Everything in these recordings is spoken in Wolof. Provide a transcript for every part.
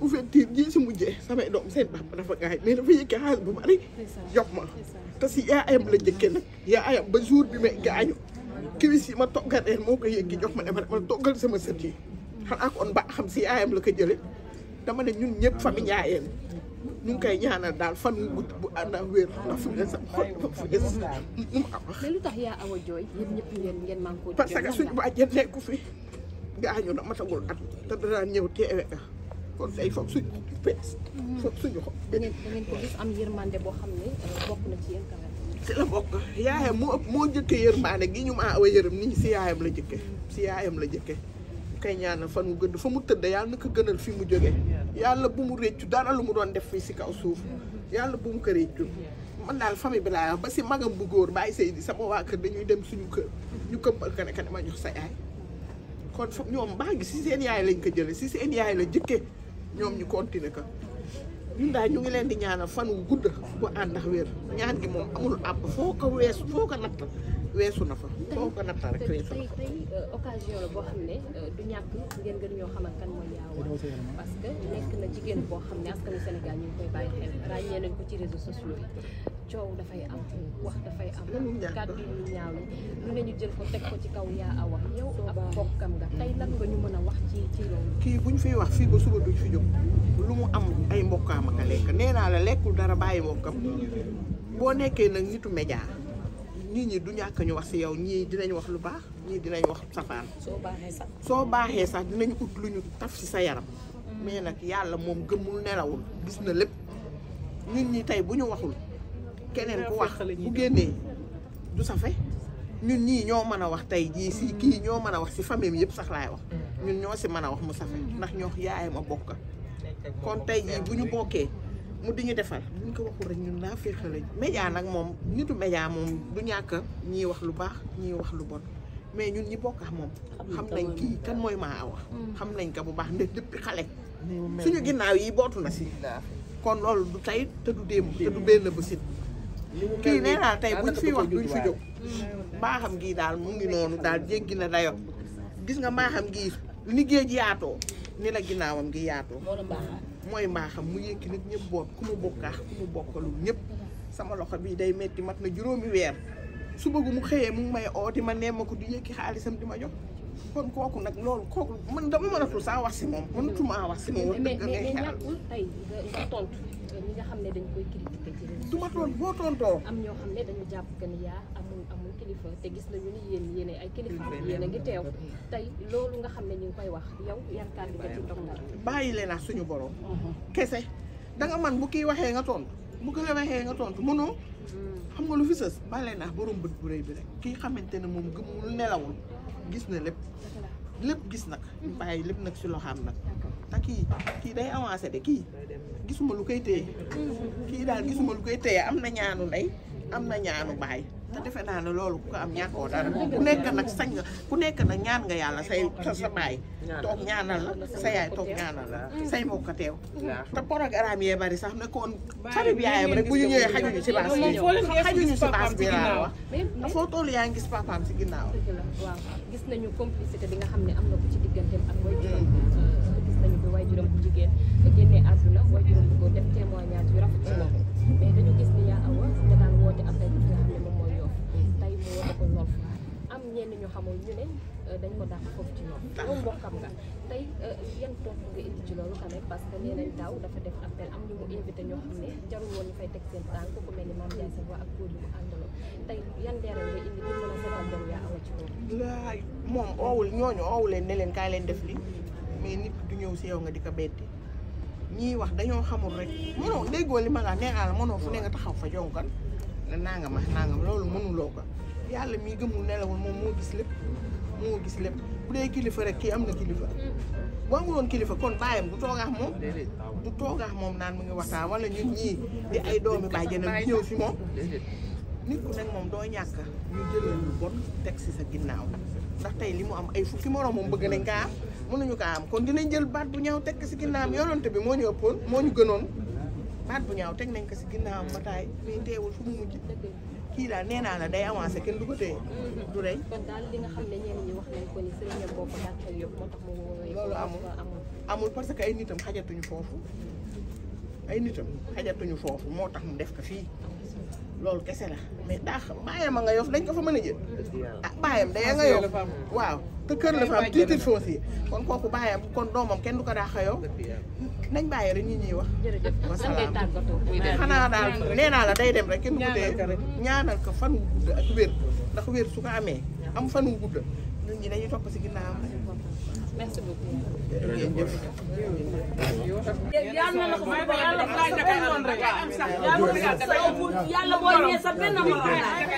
ouverture ji si mujjee samay doom seen papa dafa gaay mais dafa yëkkee xaalis bu bari jox ma te si yaayam la jëkkee nag ba jour bi yi ma toggaleen moo ko yëggi jox ma ne ma toggal sama sët yi xanaa kon ba xam si yaayam la ko jële dama ne ñun ñëpp famille yaayam ñu ngi koy ñaanal daal fan mu gudd bu ànd ak wér ndax fu ngeen sa xol fu ngeen sa mu am parce lu tax yaa awa jooy yéen ko parce que suñu bàjjen nekku fi gaañu na matagul at te danaa ñëw teewe kon day foog suñu xob mm-hmm. suñu xob da am yërmande boo xam ne euh, bokk na ci si la bokk yaayam moo ëpp moo jëkkee yërmande gi ñu ma awa yërëm nit si yaayam la jëkkee mm-hmm. si yaayam la jëkkee. kay ñaanal fan mu gëdd fa mu tëdd yàlla na ko gënal fi mu jóge yàlla bu mu réccu dara lu mu doon def fii si kaw suuf mm-hmm. yàlla bu mu ko réccu man daal famille bi laa ba si magam bu góor bàyyi say di sama kër dañuy dem suñu kër ñu këmbal ka ne ka ne ma jox sa yaay kon fa ñoom baa ngi si seen yaay lañ ko jële si seen yaay la jëkke ñoom ñu continuer ka ñun daal ñu ngi leen di ñaanal fan wu gudd bu ànd ak wér ñaan gi moom amul àpp foo ko wees foo ko natt weesu na fa. foo ko natta rek euh, occasion la boo xam ne euh, du ñàkk ngeen gën ñoo xamal kan mooy Yaawa parce que nekk na jigéen boo xam ne askanu Sénégal ñu ngi koy bàyyi xel ràññee ko ci réseaux sociaux yi coow dafay am wax dafay am. kàddu yu ñaaw yi lu ñu jël ko teg ko ci kaw Yaawa yow ab bokkam nga tey nga ñu mën a wax ci ci loolu. kii buñ fi wax fii ba suba duñ fi jóg lu mu am ay mbokkaam ak a lekk nee naa la lekkul dara bàyyi mbokkam boo nekkee nag nitu média nit ñi du ñàkk ñu wax ci yow ñii dinañ wax lu baax ñii dinañ wax safaan soo baaxee sax soo baaxee sax dinañ ut lu ñu taf ci sa yaram mm. mais nag yàlla moom gëmul nelawul gis na lépp ñun ñi tey bu ñu waxul keneen ku wax bu génnee du safe ñun ñii ñoo mën a wax tey jii si mm. kii ñoo mën a wax si famille yëpp sax laay wax mm. ñu ñoo si mën a wax mu safe ndax ñoo yaayam a bokk kon tey jii bu ñu bokkee mu di ñu defal buñ ko waxul rek ñun naa féexa lañ média nag moom nitu média moom du ñàkk ñiy wax lu baax ñiy wax lu bon mais ñun ñi bokk moom xam nañ kii kan mooy maa awa hmm. xam nañ ko bu baax nde depuis xale suñu ginnaaw yi bootu na si kon loolu du tey te du démb te du benn bësit kii nee naa tey buñ fi wax duñ fi jóg mbaaxam gii daal mu ngi noonu daal jéggi na dayo gis nga mbaaxam gii liggéey ji yaatoo ni la ginnaawam gi yaatoo mooy mbaaxam mu yëkki nit ñëpp boot ku mu bokkaax ku mu bokkalul ñëpp sama loxo bi day metti mat na juróomi weer su bëgg mu xëyee mu ngi may oo di ma nemm ko di yëkki xaalisam di ma jox kon kooku nag loolu kooku man dama a saa wax si moom mënatuma wax si moom wax dëgg ngay xelal du ma toon boo tontoo am ñoo xam ne dañu jàpp que ni yaa kilifa te gis nañu ni yéen yéen ay kilifa yéen a ngi teew tey loolu nga xam ne ñu ngi koy wax yow yan kàddu bàyyi leen ak suñu borom mhm. kese danga man bu kii waxee nga tontu bu ko la waxee nga tontu mënoo mhm. xam nga lu fi sës bàyyi leen ak bët bu rëy bi xamante ne moom gëmul nelawul gis na lépp gis nag mhm. bàyyi lépp nag si loxaam nag te kii kii day avancé de kii gisuma lu koy téye kii daal gisuma lu koy téye am na ñaanu ndey am na ñaanu baay te defe naa ne loolu ku ko am ñàkkoo dara ku nekk nag sañ nga ku nekk nag ñaan nga yàlla sa sa baay toog ñaanal la sa yaay toog ñaanal la mm. say mbokk teew te programme yee bari sax ne kon fari bi yaayam rek bu ñu ñëwee xajuñu si baas bi xajuñu si baas bi laa wax da foo yaa ngi gis papaam si ginnaaw gis nañu complicité bi nga xam ne am na ko ci digganteem ak waajuram mm. dañ ko dàq foofu ci ñoom moom mbokkam nga tey euh, yan ci loolu quand parce que nee nañ daaw dafa def appel am ñu mu invité xam ne jarul woon ñu fay teg seen tànk ku mel ni Mame Ndiaye Savon ak góor yi mu àndaloon a seetaan doom loolu laay moom oowul ñooñu leen ne leen kaay leen def li mais du ñëw si yow nga di ko betti wax dañoo xamul rek mënoo ma la naa ne nga taxaw fa jonkan nangama nangam loolu mënuloo ko yàlla mi gëmul nelawul moom moo gis lépp moo gis lépp bu dee kilifa rek kii am na kilifa mm-hmm. boo amuloon kilifa kon bàyyam du toogaax moom du toogaax moom naan mu ngi waxtaan wala ñun ñii di ay moom nit ku nag moom doo ñàkk ñu jëlal lu bon teg ci sa ginnaaw ndax tey li mu am ay fukki moroom moom bëgg nañ kaa am mënuñu kaa am kon dinañ jël baat bu ñaaw teg si ginnaawam yoonante bi moo ñu ëppoon moo ñu gënoon baat bu ñaaw teg nañ ko si ginnaawam ba taay mais teewul fu mu mujj kii laa nee naa la day avancé kenn du ko téye mm-hmm. du rey. kon daal li ko ni sëriñam boo ko dàkkal loolu amul amul parce que ay nitam xajatuñu foofu ay nitam xajatuñu foofu moo tax mu def ko fii loolu kese na mais daax bàyyam a nga yof dañ ko fa mën a jël ah bàyyam day nga yof waaw te kër la fa am titre foncier kon kooku bàyyam kon doomam kenn du ko daax a nañ bàyyi rek ñi ñuy wax. jërëjëf xanaa daal nee naa la day dem rek kenn guddee rek ñaanal ko fan wu gudd ak wér ndax wér su ko amee am fan wu gudd ñun ñi dañuy topp si ginnaawam rek merci beaucoup. yàlla boo ñëwee sa benn morom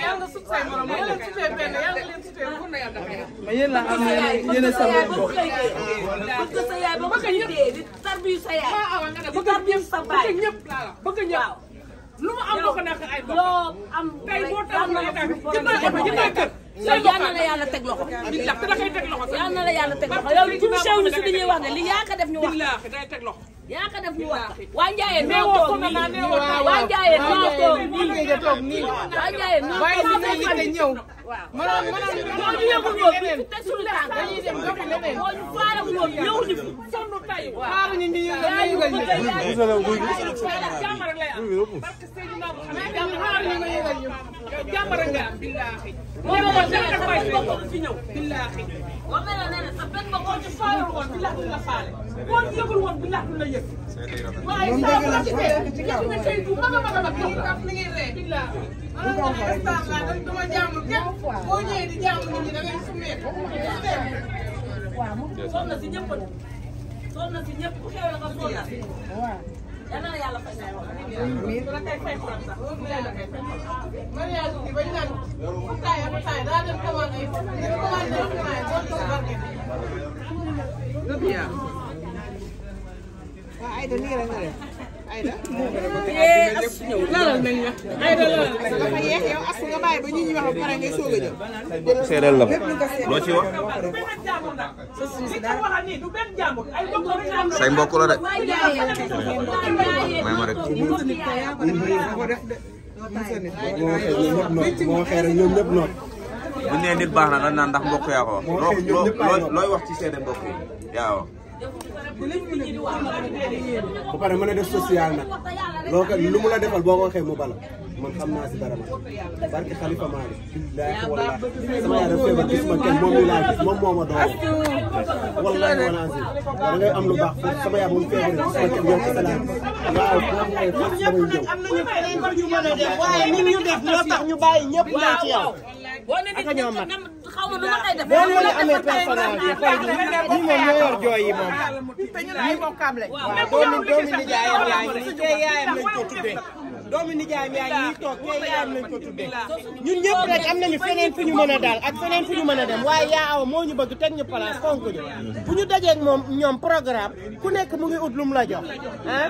yàlla sut say morom yàlla sutee benn yàlla leen sutee bu na yàlla ma yéen la am yéen sa yaay ba bëgg sa yaay ba bëgg ñëpp di tarbiyu sa yaay di tarbiyu sa baay bëgg ñëpp bëgg ñëpp lu mu am boo ko nekk ay bokk loo am tey boo tax ma kër yal na la yàlla teg loxo. yal na la yàlla teg loxo yow touché wu ñu si li ñuy wax de li yaa ko def ñu wax yaa ko def ñu wax waa Ndiaye noo toog nii waa Ndiaye noo toog nii waa Ndiaye noo toog nii mënoon mënoon mënoon ñu yëngu ñëw fi teg suñu tànk boo ñu faale ñëw ñu fi xaaral ñu ñu yëngal ñu yëngal ñu. jàmm rek lay am. parce que Seydina Mouhamed jàmm xaaral ñu ñu yëngal ñu. jàmm rek nga am. billaahi. moo ma wax dëgg fay fi ñëw. billaahi. war na la nee na sax benn boppam ci faalul woon billaahi du la faale. boo yëgul woon billaahi du la yëg. waaye saa bu la ci tee ci gis nga sëy bu mag a mag a mag jox la. billaahi. man nga ne instant laa dama dama jàmm kenn boo ñëwee di jàmm nit ñi da ngay sumee ko. waaw moom soxna si ñëpp sol na si ñëpp ku xew la nga sol na si. waaw. yal na yàlla fay lay wax. amiin la kay fay xolam sax. la kay fay xolam. mariage bi bañ naan ku taay ak taay daa dem commande ay ñu commande ay commande doon toog barke. dëgg yàlla. waaw ay de nii rek nga def. seedeel loo ci wax say mbokk la de may ma rek moo nit baax na dañ ndax mbokk yaa looy wax ci seede mbokk yi yaa wax bu pare mën a def social nag loo lu mu la defal boo ko waxee mu bala man xam naa si dara ma barke Khalifa Mali billaahi wallaahi sama yaay dafa feebar gis ma kenn moom mi laa gis moom moo ma doon wallaahi wallaahi da ngay am lu ñu mën a def waaye nit ñu def loo tax ñu bàyyi ñëpp laa ci yow ak xaw ma nu ma koy def. boo leen amee personnalité xool ñi moom ñoo yor jooy yi moom. ñi waaw doomi doomi yaayam lañ doomu nijaay mi ay ñuy toog kay yaayam rek am nañu feneen fu ñu mën a daal ak feneen fu ñu mën a dem waaye yaa aw moo ñu bëgg teg ñu place fonk ñu bu ñu dajeeg moom ñoom programme ku nekk mu ngi ut lum la jox ah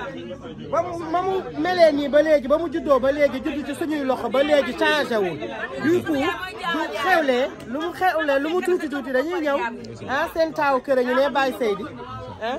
ba mu ma mu melee nii ba léegi ba mu juddoo ba léegi judd ci suñuy loxo ba léegi changé wul du coup bu xewlee lu mu xewlee lu mu tuuti tuuti dañuy ñëw a seen taaw kër ñu ne bàyyi Seydi ah